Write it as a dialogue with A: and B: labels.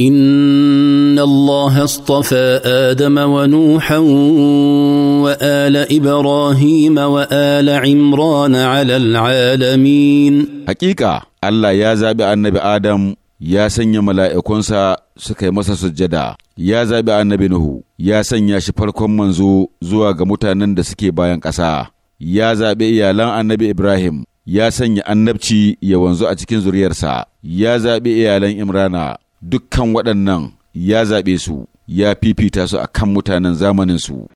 A: ان الله اصطفى ادم ونوحا
B: وال ابراهيم وال عمران على العالمين
C: حقيقه الله ya زابي النبي ادم يا سنيا ملائكونسا suka yi masa sujjada ya zaɓi annabi Nuhu ya sanya shi farkon manzo zuwa ga mutanen da suke bayan ƙasa ya zaɓi iyalan annabi Ibrahim ya sanya annabci ya wanzu a cikin zuriyarsa ya zaɓi iyalan Imrana dukkan waɗannan ya zaɓe su ya fifita su a kan mutanen zamaninsu.